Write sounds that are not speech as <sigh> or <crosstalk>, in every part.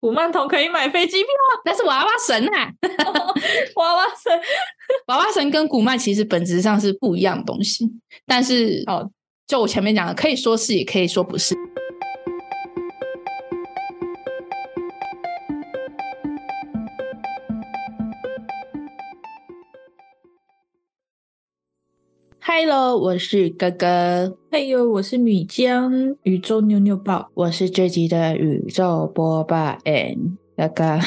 古曼童可以買飛機票啊，但是娃娃神啊， <laughs> oh, 娃娃神， <laughs> 娃娃神跟古曼其實本質上是不一樣的東西，但是哦，就我前面講的，可以說是也可以說不是。Hello，我是嘎嘎。嗨喲，我是米漿。宇宙妞妞報，我是這集的宇宙波霸，And 嘎嘎。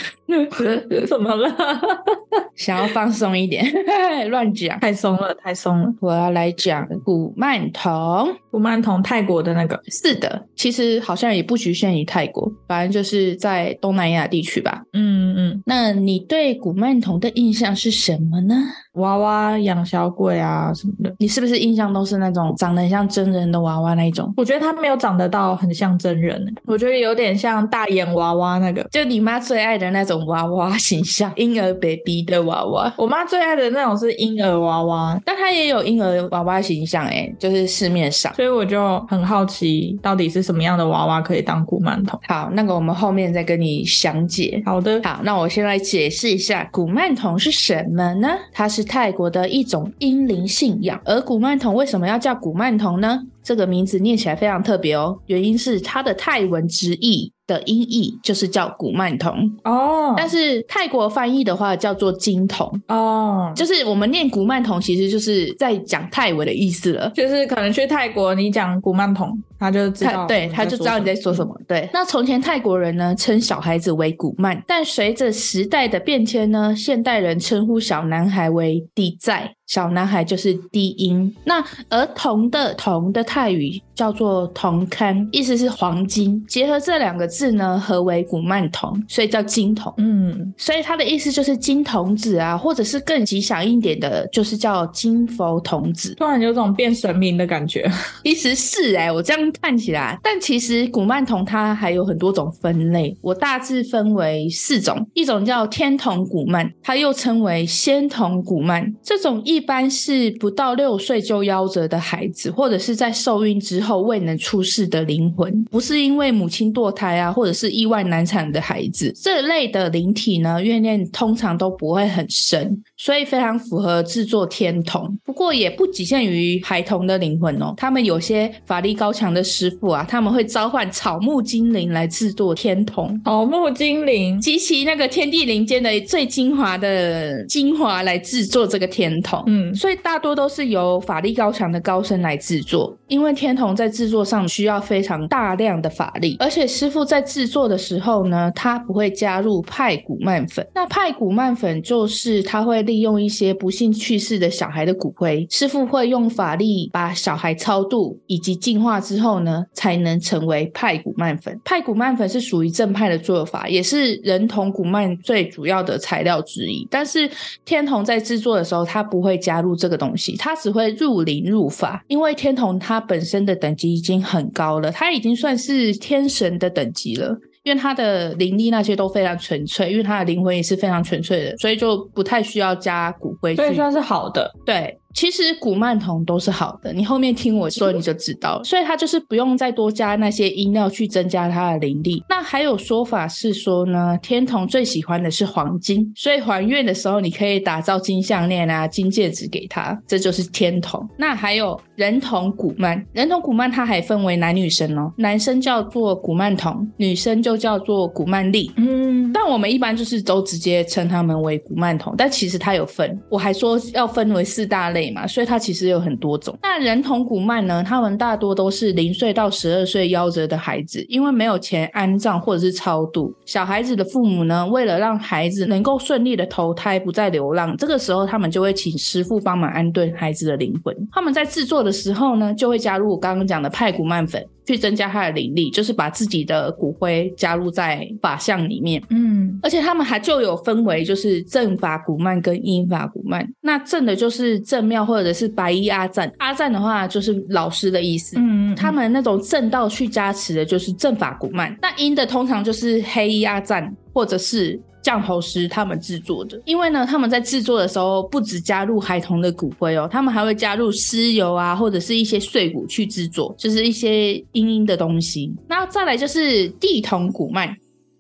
怎 <laughs> 麼了？ <laughs> 想要放鬆一點 <laughs> 講，亂講。太鬆了，太鬆了！我要來講古曼童，古曼童泰國的那個，是的，其實好像也不局限於泰國，反正就是在東南亞地區吧。嗯嗯，那你對古曼童的印象是什麼呢？娃娃、養小鬼啊什麼的，你是不是印象都是那種長得很像真人的娃娃那一種？我覺得他沒有長得到很像真人。欸，我覺得有點像大眼娃娃那個，就你媽最愛的那種。娃娃形象，嬰兒 baby 的娃娃，我媽最愛的那種是嬰兒娃娃，但她也有嬰兒娃娃形象哎，就是市面上，所以我就很好奇，到底是什麼樣的娃娃可以當古曼童？好，那個我們後面再跟你詳解。好的，好，那我先來解釋一下古曼童是什麼呢？它是泰國的一種陰靈信仰，而古曼童為什麼要叫古曼童呢？這個名字念起來非常特別哦，原因是它的泰文直譯。的音譯就是叫古曼童哦，oh. 但是泰國翻譯的話叫做金童哦，oh. 就是我們念古曼童，其實就是在講泰文的意思了。就是可能去泰國，你講古曼童，他就知道，對，他就知道你在說什麼。對，那從前泰國人呢稱小孩子為古曼，但隨着時代的變遷呢，現代人稱呼小男孩為滴在。小男孩就是低音。那兒童的“童”的泰語叫做“童堪”，意思是黃金。結合這兩個字呢，合為古曼童，所以叫金童。嗯，所以它的意思就是金童子啊，或者是更吉祥一點的，就是叫金佛童子。突然有種變神明的感覺。其實是哎、欸，我這樣看起來，但其實古曼童它還有很多種分類。我大致分為四種，一種叫天童古曼，它又稱為仙童古曼，這種一。一般是不到六歲就夭折的孩子，或者是在受孕之後未能出世的靈魂，不是因為母親墮胎啊，或者是意外難產的孩子。這類的靈體呢，怨念通常都不會很深，所以非常符合制作天童。不過也不局限於孩童的靈魂哦，他們有些法力高強的師傅啊，他們會召喚草木精靈來制作天童。草木精靈集齊那個天地靈間的最精華的精華來制作這個天童。嗯，所以大多都是由法力高強的高僧來制作，因為天童在制作上需要非常大量的法力，而且師傅在制作的時候呢，他不會加入派古曼粉。那派古曼粉就是他會利用一些不幸去世的小孩的骨灰，師傅會用法力把小孩超度以及淨化之後呢，才能成為派古曼粉。派古曼粉是屬於正派的做法，也是人童古曼最主要的材料之一。但是天童在制作的時候，他不會。會加入這個東西，它只會入靈入法，因為天童它本身的等級已經很高了，它已經算是天神的等級了，因為它的靈力那些都非常純粹，因為它的靈魂也是非常純粹的，所以就不太需要加骨灰。所以算是好的，對。其實古曼童都是好的，你後面聽我說你就知道了，所以他就是不用再多加那些陰料去增加他的靈力。那還有說法是說呢，天童最喜歡的是黃金，所以還願的時候你可以打造金項鏈啊、金戒指給他，這就是天童。那還有人童古曼，人童古曼他還分為男女生哦，男生叫做古曼童，女生就叫做古曼麗。嗯，但我們一般就是都直接稱他們為古曼童，但其實他有分。我還說要分為四大類。所以它其實有很多種。那人童古曼呢？他們大多都是零歲到十二歲夭折的孩子，因為沒有錢安葬或者是超度，小孩子的父母呢，為了讓孩子能夠順利的投胎，不再流浪，這個時候他們就會請師傅幫忙安頓孩子的靈魂。他們在制作的時候呢，就會加入我剛剛講的派古曼粉。去增加他的靈力，就是把自己的骨灰加入在法相裡面。嗯，而且他們還就有分為，就是正法古曼跟陰法古曼。那正的就是正廟或者是白衣阿贊，阿贊的話就是老師的意思。嗯，嗯，嗯，他們那種正道去加持的就是正法古曼，那陰的通常就是黑衣阿贊或者是。降頭師他們制作的。因為呢，他們在製作的時候不止加入孩童的骨灰哦、喔，他們還會加入屍油啊，或者是一些碎骨去製作，就是一些陰陰的東西。那再來就是地童古曼。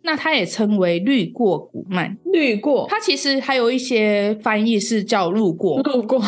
那它也稱為律過古曼，律過，它其實還有一些翻譯是叫路過，路過，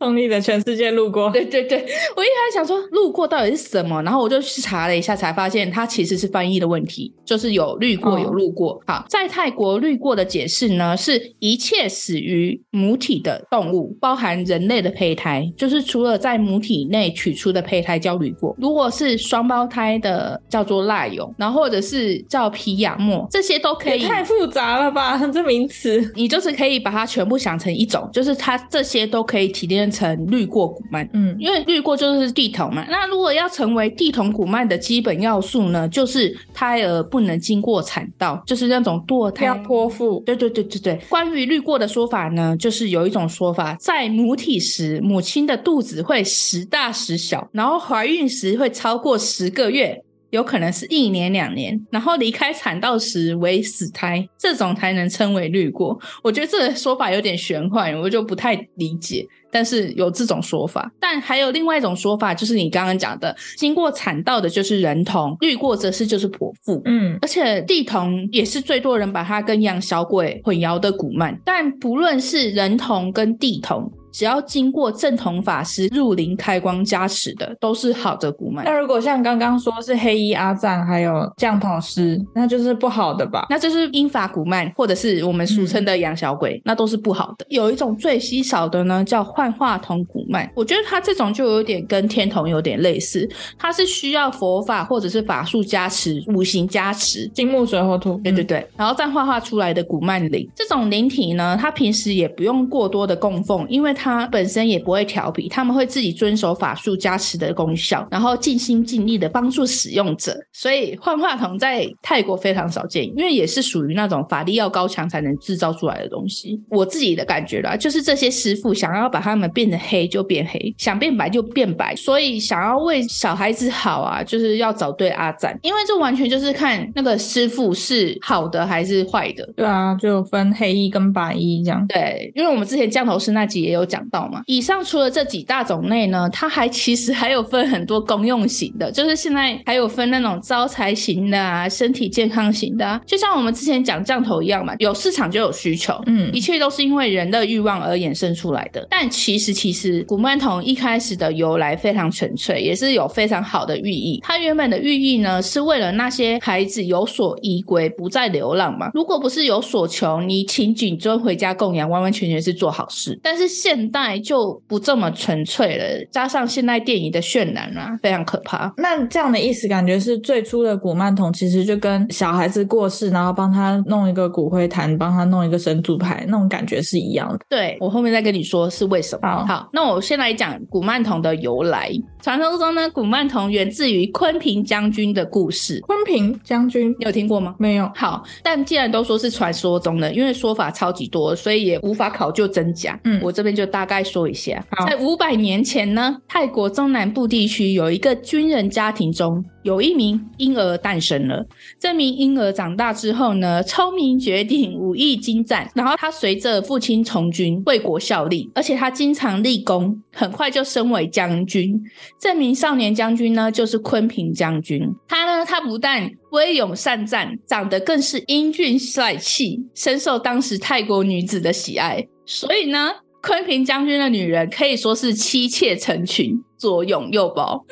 從你的全世界路過，對對對，我一開始想說路過到底是什麼，然後我就去查了一下，才發現它其實是翻譯的問題，就是有律過有路過。哦、好，在泰國律過的解釋呢，是一切死於母體的動物，包含人類的胚胎，就是除了在母體內取出的胚胎叫律過，如果是雙胞胎的叫做賴蛹，然後或者是叫皮亞莫。這些都可以，太複雜了吧？這名詞，你就是可以把它全部想成一種，就是它這些都可以提煉成律過古曼。嗯，因為律過就是地童嘛。那如果要成為地童古曼的基本要素呢，就是胎兒不能經過產道，就是那種墮胎要剖腹。對對對對對。關於律過的說法呢，就是有一種說法，在母體時，母親的肚子會時大時小，然後懷孕時會超過十個月。有可能是一年兩年，然後離開產道時為死胎，這種才能稱為律過。我覺得這個說法有點玄幻，我就不太理解。但是有這種說法，但還有另外一種說法，就是你剛剛講的，經過產道的就是人童，律過則是就是剖腹。嗯，而且地童也是最多人把它跟養小鬼混淆的古曼。但不論是人童跟地童。只要經過正統法師入靈開光加持的，都是好的古曼。那如果像剛剛說是黑衣阿贊，還有降頭師，那就是不好的吧？那就是陰法古曼，或者是我們俗稱的養小鬼，嗯、那都是不好的。有一種最稀少的呢，叫幻化銅古曼。我覺得它這種就有點跟天童有點類似，它是需要佛法或者是法術加持，五行加持，金木水火土。對對對，嗯、然後再畫畫出來的古曼靈。這種靈體呢，它平時也不用過多的供奉，因為它。他本身也不會調皮，他們會自己遵守法術加持的功效，然後盡心盡力的幫助使用者。所以幻化童在泰國非常少見，因為也是屬於那種法力要高強才能製造出來的東西。我自己的感覺啦，就是這些師傅想要把他們變得黑就變黑，想變白就變白。所以想要為小孩子好啊，就是要找對阿贊。因為這完全就是看那個師傅是好的還是壞的。對啊，就分黑衣跟白衣這樣。對，因為我們之前降頭師那集也有。講到嘛，以上除了這幾大種類呢，它還其實還有分很多公用型的，就是現在還有分那種招財型的啊，身體健康型的啊，就像我們之前講降頭一樣嘛，有市場就有需求，嗯，一切都是因為人的慾望而衍生出來的。但其實其實古曼童一開始的由來非常純粹，也是有非常好的寓意。它原本的寓意呢，是為了那些孩子有所依歸，不再流浪嘛。如果不是有所求，你請金尊回家供養，完完全全是做好事。但是現現代就不這麼純粹了，加上現代電影的渲染啊，非常可怕。那這樣的意思感覺是最初的古曼童其實就跟小孩子過世，然後幫他弄一個骨灰壇，幫他弄一個神主牌，那種感覺是一樣的。對，我後面再跟你說是為什麼。好，好，那我先來講古曼童的由來。傳說中呢，古曼童源自於坤平將軍的故事。坤平將軍，你有聽過嗎？沒有。好，但既然都說是傳說中的，因為說法超級多，所以也無法考究真假。嗯，我這邊就大概說一下。好，在五百年前呢，泰國中南部地區有一個軍人家庭中。有一名嬰兒誕生了。這名嬰兒長大之後呢，聰明絕頂，武藝精湛。然後他隨着父親從軍，為國效力，而且他經常立功，很快就升為將軍。這名少年將軍呢，就是坤平將軍。他呢，他不但威勇善戰，長得更是英俊帥氣，深受當時泰國女子的喜愛。所以呢。坤平將軍的女人可以說是妻妾成群，左擁右抱。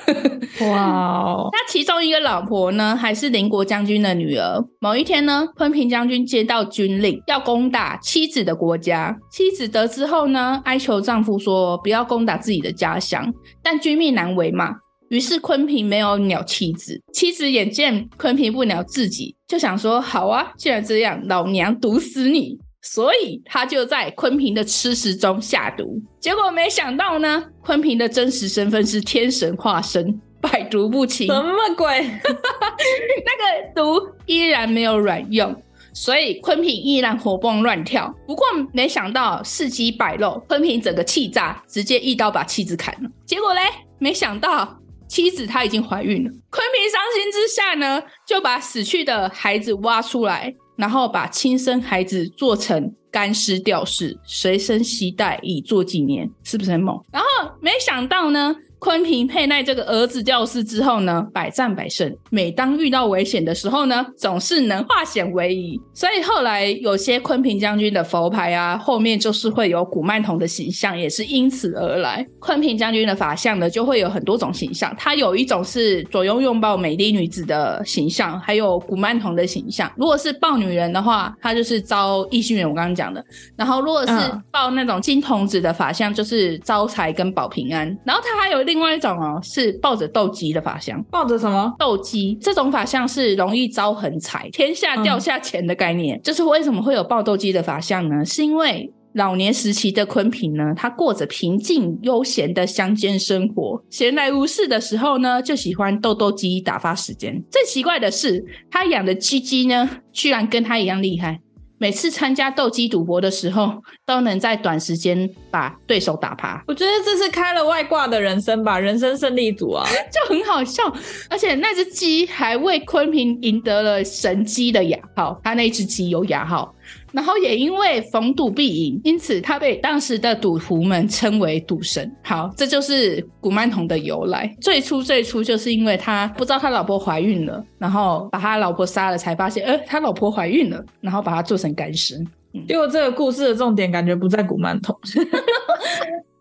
哇 <laughs> 哦 Wow！那其中一個老婆呢，還是鄰國將軍的女兒。某一天呢，坤平將軍接到軍令，要攻打妻子的國家。妻子得知後呢，哀求丈夫說：“不要攻打自己的家鄉。”但軍命難違嘛，於是坤平沒有鳥妻子。妻子眼見坤平不鳥自己，就想說：“好啊，既然這樣，老娘毒死你。”所以他就在坤平的吃食中下毒，結果沒想到呢，坤平的真實身份是天神化身，百毒不侵。什麼，麼鬼？ <laughs> 那個毒依然沒有卵用，所以坤平依然活蹦亂跳。不過沒想到事機敗露，坤平整個氣炸，直接一刀把妻子砍了。結果嘞，沒想到妻子她已經懷孕了，坤平傷心之下呢，就把死去的孩子挖出來。然後把親生孩子做成乾屍吊飾，隨身攜帶，以作紀念，是不是很猛？然後沒想到呢。坤平佩戴這個兒子吊飾之後呢，百戰百勝。每當遇到危險的時候呢，總是能化險為夷。所以後來有些坤平將軍的佛牌啊，後面就是會有古曼童的形象，也是因此而來。坤平將軍的法相呢，就會有很多種形象。他有一種是左擁右抱美麗女子的形象，還有古曼童的形象。如果是抱女人的話，他就是招異性緣，我剛剛講的。然後如果是抱那種金童子的法相，就是招財跟保平安。然後他還有。另外一種哦，是抱着鬥雞的法相。抱着什麼？鬥雞。這種法相是容易招橫財，天下掉下錢的概念。嗯、就是為什麼會有抱鬥雞的法相呢？是因為老年時期的坤平呢，他過着平靜悠閒的鄉間生活，閒來無事的時候呢，就喜歡鬥鬥雞打發時間。最奇怪的是，他養的雞雞呢，居然跟他一樣厲害。每次參加鬥雞賭博的時候，都能在短時間把對手打趴。我覺得這是開了外掛的人生吧，人生勝利組啊， <laughs> 就很好笑。而且那隻雞還為坤平贏得了“神雞”的雅號，他那隻雞有雅號。然後也因為逢賭必贏，因此他被當時的賭徒們稱為賭神。好，這就是古曼童的由來。最初最初就是因為他不知道他老婆懷孕了，然後把他老婆殺了，才發現，呃，他老婆懷孕了，然後把他做成乾屍。嗯，因為這個故事的重點感覺不在古曼童。 <laughs>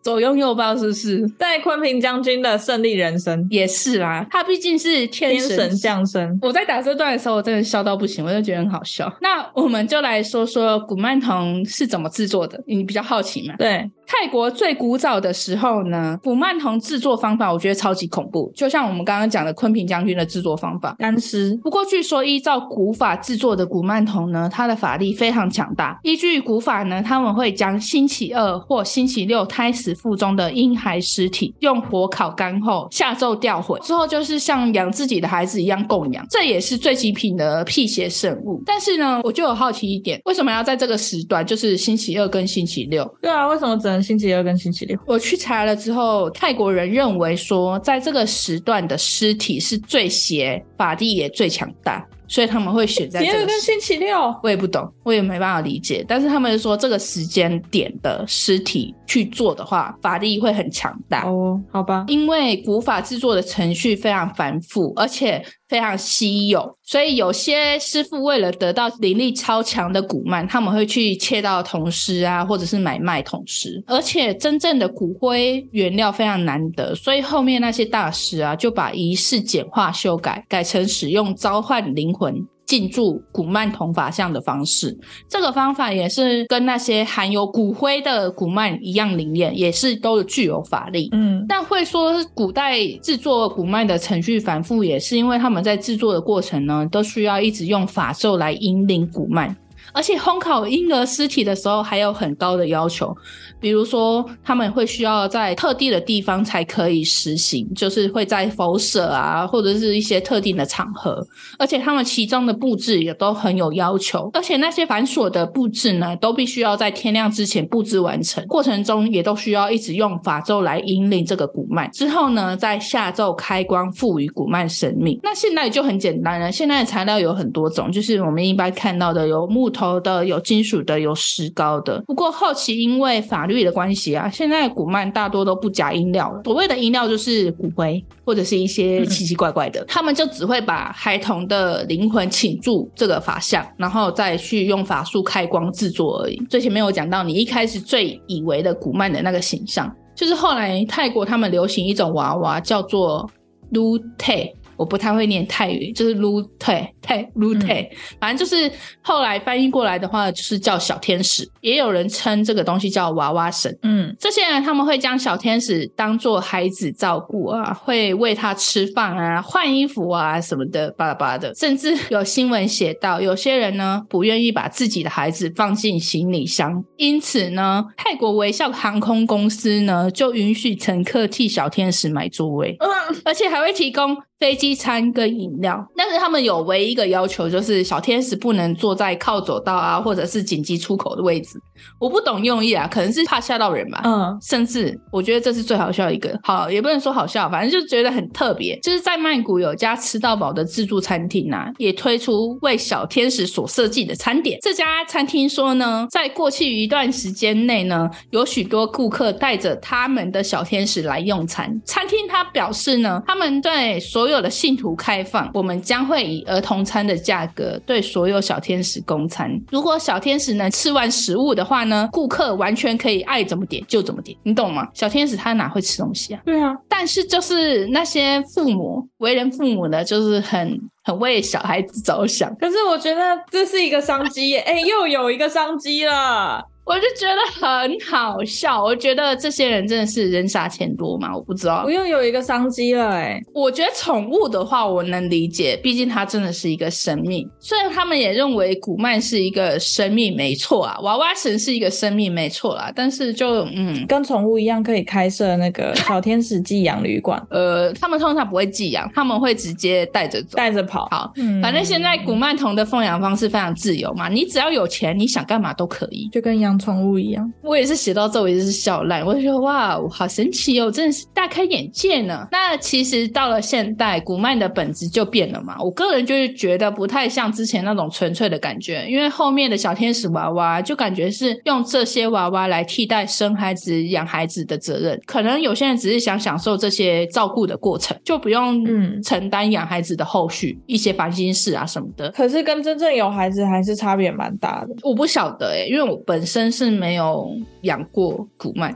左擁右抱，是不是？在坤平將軍的勝利人生也是啦、啊。他畢竟是天神，天神降生。我在打這段的時候，我真的笑到不行，我就覺得很好笑。那我們就來說說古曼童是怎麼制作的，你比較好奇嘛？對，泰國最古早的時候呢，古曼童制作方法，我覺得超級恐怖。就像我們剛剛講的坤平將軍的制作方法，乾屍是。不過據說依照古法制作的古曼童呢，他的法力非常強大。依據古法呢，他們會將星期二或星期六開始。腹中的嬰孩屍體用火烤乾後下咒吊魂之後，就是像養自己的孩子一樣供養，這也是最極品的辟邪聖物。但是呢，我就有好奇一點，為什麼要在這個時段，就是星期二跟星期六？對啊，為什麼只能星期二跟星期六？我去查了之後，泰國人認為說，在這個時段的屍體是最邪，法力也最強大。所以他們會選在第二跟星期六，我也不懂，我也沒辦法理解。但是他們說，這個時間點的屍體去做的話，法力會很強大哦。好吧，因為古法制作的程序非常繁複，而且。非常稀有，所以有些師傅為了得到靈力超強的古曼，他們會去竊盜童屍啊，或者是買賣童屍。而且真正的骨灰原料非常難得，所以後面那些大師啊，就把儀式簡化、修改，改成使用召喚靈魂。進駐古曼童法像的方式，這個方法也是跟那些含有骨灰的古曼一樣靈驗，也是都具有法力。嗯，但會說古代制作古曼的程序繁複，也是因為他們在制作的過程呢，都需要一直用法咒來引領古曼。而且烘烤嬰兒屍體的時候還有很高的要求，比如說他們會需要在特定的地方才可以實行，就是會在佛舍啊或者是一些特定的場合，而且他們其中的布置也都很有要求，而且那些繁瑣的布置呢，都必須要在天亮之前布置完成，過程中也都需要一直用法咒來引領這個古曼。之後呢，再下咒開光賦予古曼生命。那現在就很簡單了，現在的材料有很多種，就是我們一般看到的有木頭。的有金屬的，有石膏的。不過後期因為法律的關係啊，現在古曼大多都不加陰料了。所謂的陰料就是骨灰或者是一些奇奇怪怪的，嗯、他們就只會把孩童的靈魂請住這個法像，然後再去用法術開光製作而已。最前面我講到，你一開始最以為的古曼的那個形象，就是後來泰國他們流行一種娃娃，叫做 Luk Thep 我不太會念泰語，就是 luk thep，luk thep，嗯、反正就是後來翻譯過來的話，就是叫小天使。也有人稱這個東西叫娃娃神。嗯，這些人他們會將小天使當做孩子照顧啊，會餵他吃飯啊、換衣服啊什麼的，巴拉巴拉的。甚至有新聞寫道，有些人呢不願意把自己的孩子放進行李箱，因此呢，泰國微笑航空公司呢就允許乘客替小天使買座位，嗯、而且還會提供。飛機餐跟飲料，但是他們有唯一一個要求，就是小天使不能坐在靠走道啊，或者是緊急出口的位置。我不懂用意啊，可能是怕嚇到人吧。嗯，甚至我覺得這是最好笑一個，好也不能說好笑，反正就覺得很特別。就是在曼谷有家吃到飽的自助餐廳啊，也推出為小天使所設計的餐點。這家餐廳說呢，在過去一段時間內呢，有許多顧客帶着他們的小天使來用餐。餐廳他表示呢，他們對所有所有的信徒開放，我們將會以兒童餐的價格對所有小天使供餐。如果小天使能吃完食物的話呢，顧客完全可以愛怎麼點就怎麼點，你懂嗎？小天使他哪會吃東西啊？對啊，但是就是那些父母為人父母呢，就是很很為小孩子着想。可是我覺得這是一個商機耶，誒，又有一個商機了。我就覺得很好笑，我覺得這些人真的是人傻錢多嘛，我不知道，我又有一個商機了哎、欸。我覺得寵物的話，我能理解，畢竟它真的是一個生命。雖然他們也認為古曼是一個生命，沒錯啊，娃娃神是一個生命，沒錯啦。但是就嗯，跟寵物一樣，可以開設那個小天使寄養旅館。 <laughs> 呃，他們通常不會寄養，他們會直接帶着走，帶着跑。好，嗯、反正現在古曼童的奉養方式非常自由嘛，你只要有錢，你想幹嘛都可以，就跟養。寵物一樣，我也是寫到這，我也是笑爛。我就覺得哇，我好神奇哦，真的是大開眼界呢。那其實到了現代，古曼的本質就變了嘛。我個人就是覺得不太像之前那種純粹的感覺，因為後面的小天使娃娃就感覺是用這些娃娃來替代生孩子、養孩子的責任。可能有些人只是想享受這些照顧的過程，就不用嗯承擔養孩子的後續一些煩心事啊什麼的。可是跟真正有孩子還是差別蠻大的。我不曉得哎、欸，因為我本身。真是沒有養過古曼，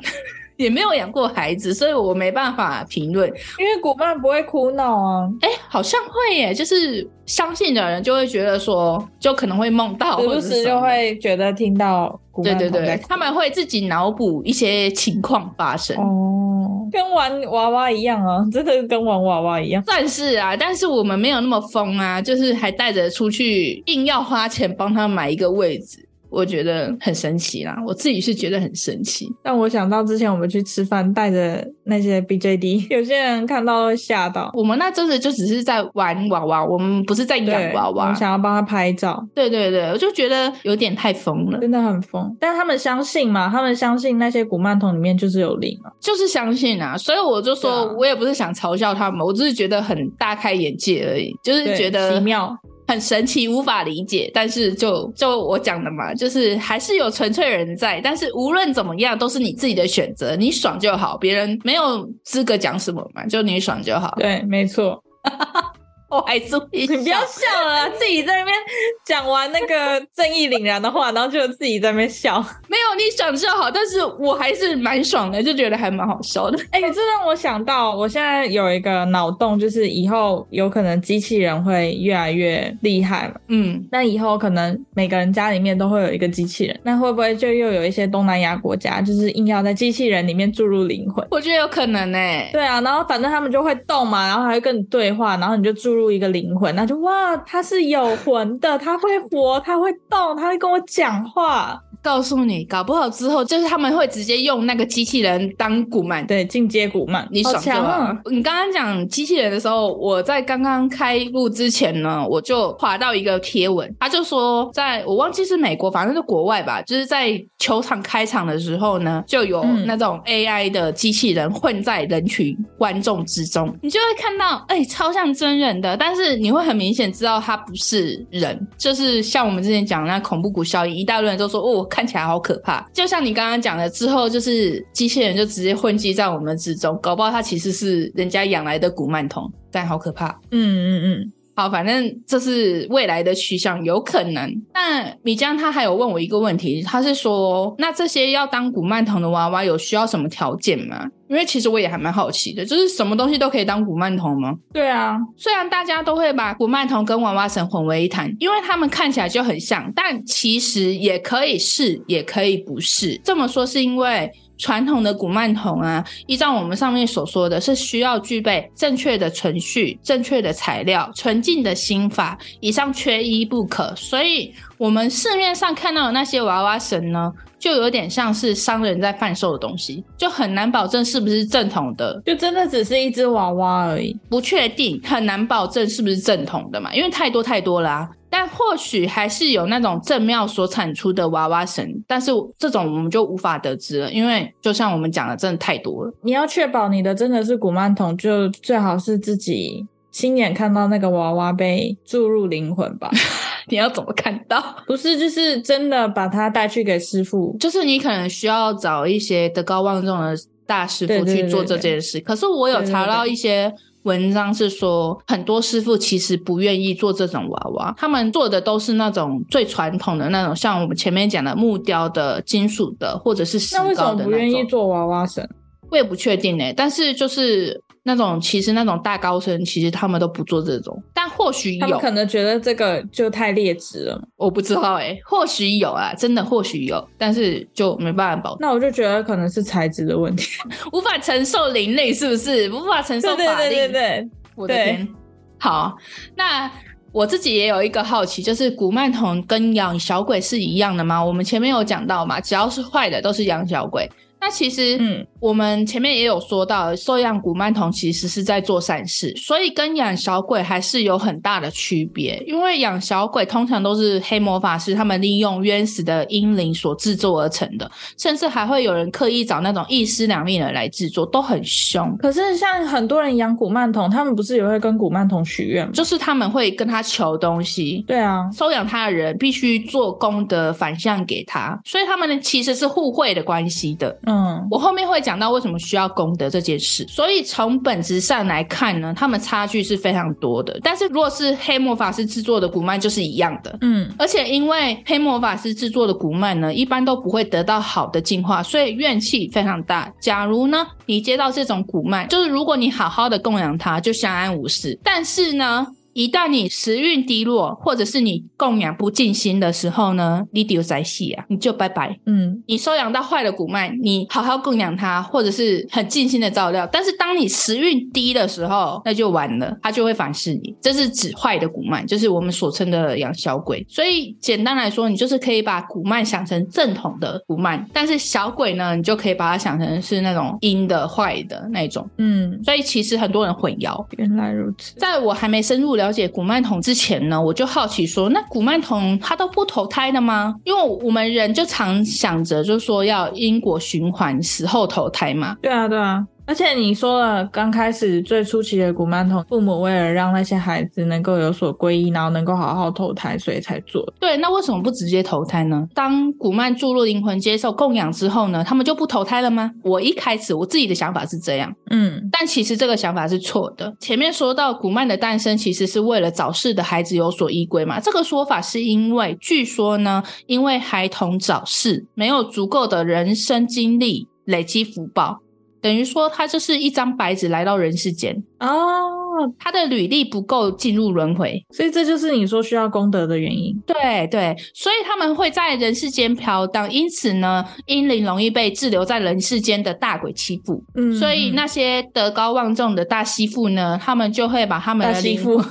也沒有養過孩子，所以我沒辦法評論。因為古曼不會哭鬧啊，哎、欸，好像會耶，就是相信的人就會覺得說，就可能會夢到或，時不時就會覺得聽到哭。對對對，他們會自己腦補一些情況發生哦，跟玩娃娃一樣啊，真的是跟玩娃娃一樣，算是啊。但是我們沒有那麼瘋啊，就是還帶着出去，硬要花錢幫他買一個位置。我覺得很神奇啦，我自己是覺得很神奇。但我想到之前我們去吃飯，帶着那些 BJD，有些人看到會嚇到。我們那真的就只是在玩娃娃，我們不是在養娃娃。我們想要幫他拍照。對對對，我就覺得有點太瘋了，真的很瘋。但他們相信嘛，他們相信那些古曼童裡面就是有靈啊，就是相信啊。所以我就說，我也不是想嘲笑他們，我只是覺得很大開眼界而已，就是覺得奇妙。很神奇，無法理解，但是就就我講的嘛，就是還是有純粹人在，但是無論怎麼樣，都是你自己的選擇，你爽就好，別人沒有資格講什麼嘛，就你爽就好。對，沒錯。 <laughs> 我還注意，你不要笑了，啊，自己在那邊講完那個正義凛然的話，然後就自己在那邊笑。 <laughs> 沒有，你想象好，但是我還是蠻爽的，就覺得還蠻好笑的。哎、欸，這讓我想到，我現在有一個腦洞，就是以後有可能機器人會越來越厲害嘛。嗯，那以後可能每個人家裡面都會有一個機器人，那會不會就又有一些東南亞國家，就是硬要在機器人裡面注入靈魂？我覺得有可能誒、欸。對啊，然後反正他們就會動嘛，然後還會跟你對話，然後你就注入。入一個靈魂，那就哇，他是有魂的，他會活，他會動，他會跟我講話。告訴你，搞不好之後就是他們會直接用那個機器人當古曼，對，進階古曼，你爽嗎？哦、恰恰你剛剛講機器人的時候，我在剛剛開錄之前呢，我就滑到一個貼文，他就說在，在我忘記是美國，反正是國外吧，就是在球場開場的時候呢，就有那種 AI 的機器人混在人群觀眾之中，嗯、你就會看到，哎、欸，超像真人的，但是你會很明顯知道他不是人，就是像我們之前講的那恐怖谷效應，一大堆人都說，哦。看起來好可怕，就像你剛剛講的，之後就是機器人就直接混跡在我們之中，搞不好他其實是人家養來的古曼童，但好可怕。嗯嗯嗯，好，反正這是未來的趨向，有可能。那米漿他還有問我一個問題，他是說，那這些要當古曼童的娃娃有需要什麼條件嗎？因為其實我也還蠻好奇的，就是什麼東西都可以當古曼童嗎？對啊，雖然大家都會把古曼童跟娃娃神混為一談，因為他們看起來就很像，但其實也可以是，也可以不是。這麼說是因為傳統的古曼童啊，依照我們上面所說的是需要具備正確的程序、正確的材料、純淨的心法，以上缺一不可，所以。我們市面上看到的那些娃娃神呢，就有點像是商人在販售的東西，就很難保證是不是正統的，就真的只是一隻娃娃而已，不確定，很難保證是不是正統的嘛，因為太多太多了啊，但或許還是有那種正廟所產出的娃娃神，但是這種我們就無法得知了，因為就像我們講的，真的太多了。你要確保你的真的是古曼童，就最好是自己親眼看到那個娃娃被注入靈魂吧。 <laughs> 你要怎麼看到？不是，就是真的把它帶去給師傅，就是你可能需要找一些德高望重的大師傅去做這件事。對對對對對。可是我有查到一些文章是說，對對對。很多師傅其實不願意做這種娃娃，他們做的都是那種最傳統的那種，像我們前面講的木雕的、金屬的，或者是石膏的那種。那為什麼不願意做娃娃神？我也不確定哎、欸，但是就是那種，其實那種大高僧，其實他們都不做這種，但或許有可能覺得這個就太劣質了，我不知道哎、欸，或許有啊，真的或許有，但是就沒辦法保。那我就覺得可能是材質的問題， <laughs> 無法承受靈力，是不是？無法承受法力，對，對對對對，我的天，對好。那我自己也有一個好奇，就是古曼童跟養小鬼是一樣的嗎？我們前面有講到嘛，只要是壞的都是養小鬼，那其實嗯。我們前面也有說到，收養古曼童其實是在做善事，所以跟養小鬼還是有很大的區別。因為養小鬼通常都是黑魔法師，他們利用冤死的陰靈所製作而成的，甚至還會有人刻意找那種一屍兩命的人來製作，都很兇。可是像很多人養古曼童，他們不是也會跟古曼童許願嗎？就是他們會跟他求東西。對啊，收養他的人必須做功德反向給他，所以他們其實是互惠的關係的。嗯，我後面會講到為什麼需要功德這件事，所以從本質上來看呢，他們差距是非常多的。但是如果是黑魔法師制作的古曼就是一樣的，嗯，而且因為黑魔法師制作的古曼呢，一般都不會得到好的淨化，所以怨氣非常大。假如呢，你接到這種古曼，就是如果你好好的供養它，就相安無事。但是呢，一旦你時運低落，或者是你供養不盡心的時候呢，你就知死啊，你就拜拜。嗯，你收養到壞的古曼，你好好供養它，或者是很盡心的照料。但是當你時運低的時候，那就完了，它就會反噬你。這是指壞的古曼，就是我們所稱的養小鬼。所以簡單來說，你就是可以把古曼想成正統的古曼，但是小鬼呢，你就可以把它想成是那種陰的、壞的那種。嗯，所以其實很多人混淆。原來如此，在我還沒深入。了解古曼童之前呢，我就好奇說，那古曼童他都不投胎的嗎？因為我們人就常想着，就是說要因果循環，死後投胎嘛。對啊，對啊。而且你說了，剛開始最初期的古曼童父母，為了讓那些孩子能夠有所皈依，然後能夠好好投胎，所以才做。對，那為什麼不直接投胎呢？當古曼注入靈魂、接受供養之後呢？他們就不投胎了嗎？我一開始我自己的想法是這樣，嗯，但其實這個想法是錯的。前面說到古曼的誕生，其實是為了早逝的孩子有所依歸嘛。這個說法是因為，據說呢，因為孩童早逝，沒有足夠的人生經歷累積福報。等於說他就是一張白紙來到人世間啊，哦，他的履歷不夠進入輪迴，所以這就是你說需要功德的原因。對對，所以他們會在人世間飄蕩，因此呢，陰靈容易被滯留在人世間的大鬼欺負。嗯，所以那些德高望重的大師父呢，他們就會把他們的師傅，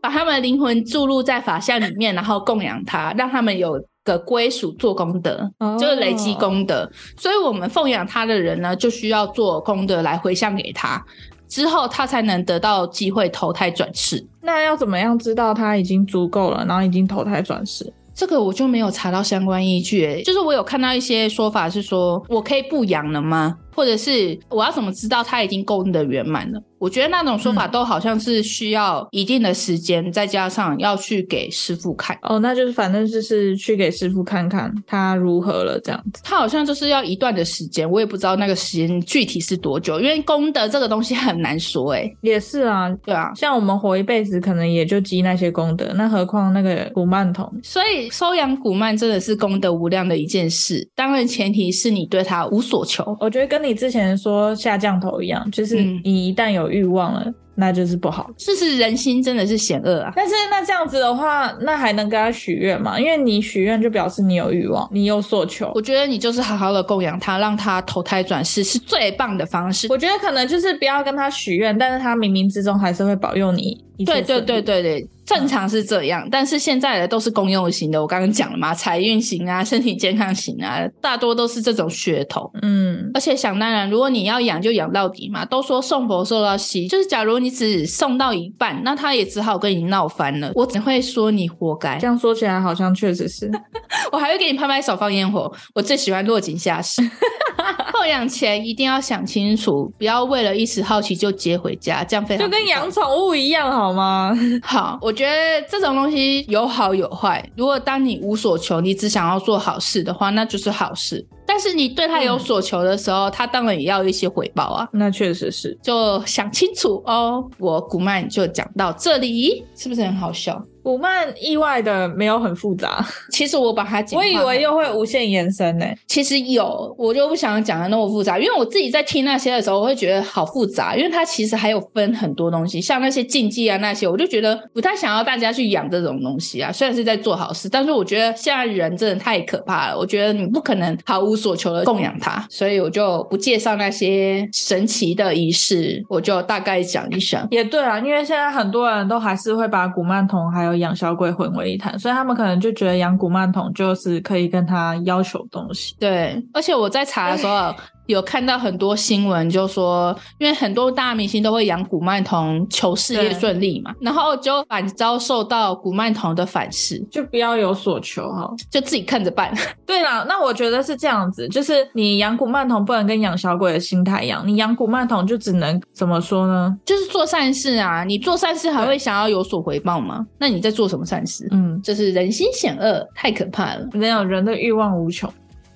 把他們的靈魂注入在法像裡面， <laughs> 然後供養他，讓他們有。的歸屬做功德，oh. 就是累積功德，所以我們奉養他的人呢，就需要做功德來回向給他，之後他才能得到機會投胎轉世。那要怎麼樣知道他已經足夠了，然後已經投胎轉世？這個我就沒有查到相關依據耶，就是我有看到一些說法是說，我可以不養了嗎？或者是我要怎麼知道他已經功德圓滿了？我覺得那種說法都好像是需要一定的時間，嗯、再加上要去給師傅看哦，那就是反正就是去給師傅看看他如何了這樣子。他好像就是要一段的時間，我也不知道那個時間具體是多久，因為功德這個東西很難說、欸。哎，也是啊，對啊，像我們活一輩子可能也就積那些功德，那何況那個古曼童？所以收養古曼真的是功德無量的一件事，當然前提是你對他無所求。我，我覺得跟像你之前說下降頭一樣，就是你一旦有欲望了，嗯，那就是不好。事實人心真的是險惡啊！但是那這樣子的話，那還能跟他許願嗎？因為你許願就表示你有欲望，你有所求。我覺得你就是好好的供養他，讓他投胎轉世是最棒的方式。我覺得可能就是不要跟他許願，但是他冥冥之中還是會保佑你。對對對對對，正常是這樣，嗯、但是現在的都是公用型的。我剛剛講了嘛，財運型啊，身體健康型啊，大多都是這種噱頭。嗯，而且想當然，如果你要養就養到底嘛。都說送佛送到西，就是假如你只送到一半，那他也只好跟你鬧翻了。我只會說你活該。這樣說起來好像確實是， <laughs> 我還會給你拍拍手放煙火。我最喜歡落井下石。 <laughs> <laughs> 後養前一定要想清楚，不要為了一時好奇就接回家，這樣非常就跟養寵物一樣，好嗎？ <laughs> 好，我覺得這種東西有好有壞。如果當你無所求，你只想要做好事的話，那就是好事。但是你對他有所求的時候，嗯、他當然也要一些回報啊。那確實是，就想清楚哦。我古曼就講到這裡，是不是很好笑？古曼意外的沒有很複雜，其實我把它，我以為又會無限延伸呢、欸。其實有，我就不想講的那麼複雜，因為我自己在聽那些的時候，我會覺得好複雜，因為它其實還有分很多東西，像那些禁忌啊、那些，我就覺得不太想要大家去養這種東西啊。雖然是在做好事，但是我覺得現在人真的太可怕了。我覺得你不可能毫無所求的供養它，所以我就不介紹那些神奇的儀式，我就大概講一講。也對啊，因為現在很多人都還是會把古曼童還有。養小鬼混為一談，所以他們可能就覺得養古曼童就是可以跟他要求東西。對，而且我在查的時候。 <laughs> 有看到很多新聞，就說因為很多大明星都會養古曼童求事業順利嘛，對然後就反遭受到古曼童的反噬，就不要有所求哈，就自己看着辦。對啦。那我覺得是這樣子，就是你養古曼童不能跟養小鬼的心態一樣，你養古曼童就只能怎麼說呢？就是做善事啊，你做善事還會想要有所回報嗎？對那你在做什麼善事？嗯，就是人心險惡，太可怕了。沒有，人的欲望無窮。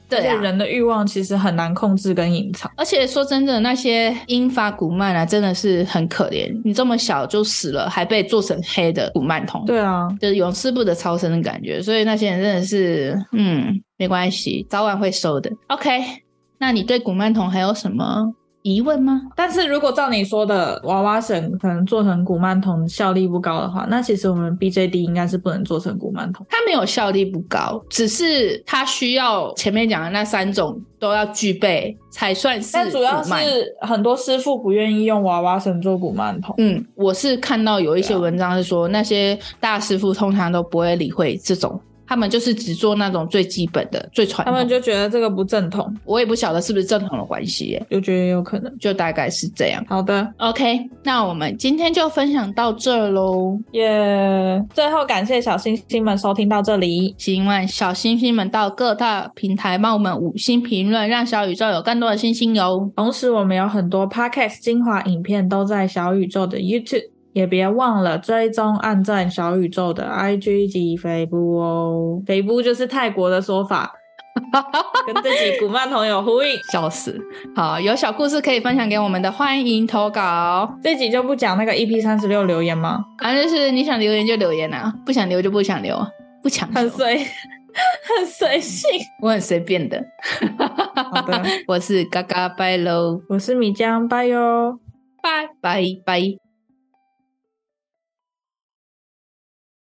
對啊，人的慾望其實很難控制跟隱藏。而且說真的，那些英法古曼啊，真的是很可憐。你這麼小就死了，還被做成黑的古曼童。對啊，就是永世不得超生的感覺。所以那些人真的是，嗯，沒關係，早晚會收的。OK，那你對古曼童還有什麼？疑問嗎？但是如果照你說的，娃娃神可能做成古曼童效力不高的話，那其實我們 BJD 應該是不能做成古曼童。它沒有效力不高，只是它需要前面講的那三種都要具備才算是。但主要是很多師傅不願意用娃娃神做古曼童。嗯，我是看到有一些文章是說、啊、那些大師傅通常都不會理會這種。他們就是只做那種最基本的、最傳統。他們就覺得這個不正統，我也不曉得是不是正統的關係，誒就覺得有可能，就大概是這樣。好的，OK，那我們今天就分享到這嘍，耶、yeah！最後感謝小星星們收聽到這裡，希望小星星們到各大平台幫我們五星評論，讓小宇宙有更多的星星喲。同時，我們有很多 podcast 精華影片都在小宇宙的 YouTube。也別忘了追蹤、按贊小宇宙的 IG 及肥布哦，肥布就是泰國的說法， <laughs> 跟這集古曼童有呼應，笑死！好，有小故事可以分享給我們的，歡迎投稿。這集就不講那個 EP 三十六留言嗎？反正、啊、就是你想留言就留言啊，不想留就不想留，不強求。很隨，很隨性，我很隨便的。 <laughs> 好的，我是嘎嘎拜嘍，咯我是米漿拜喲，拜拜拜。掰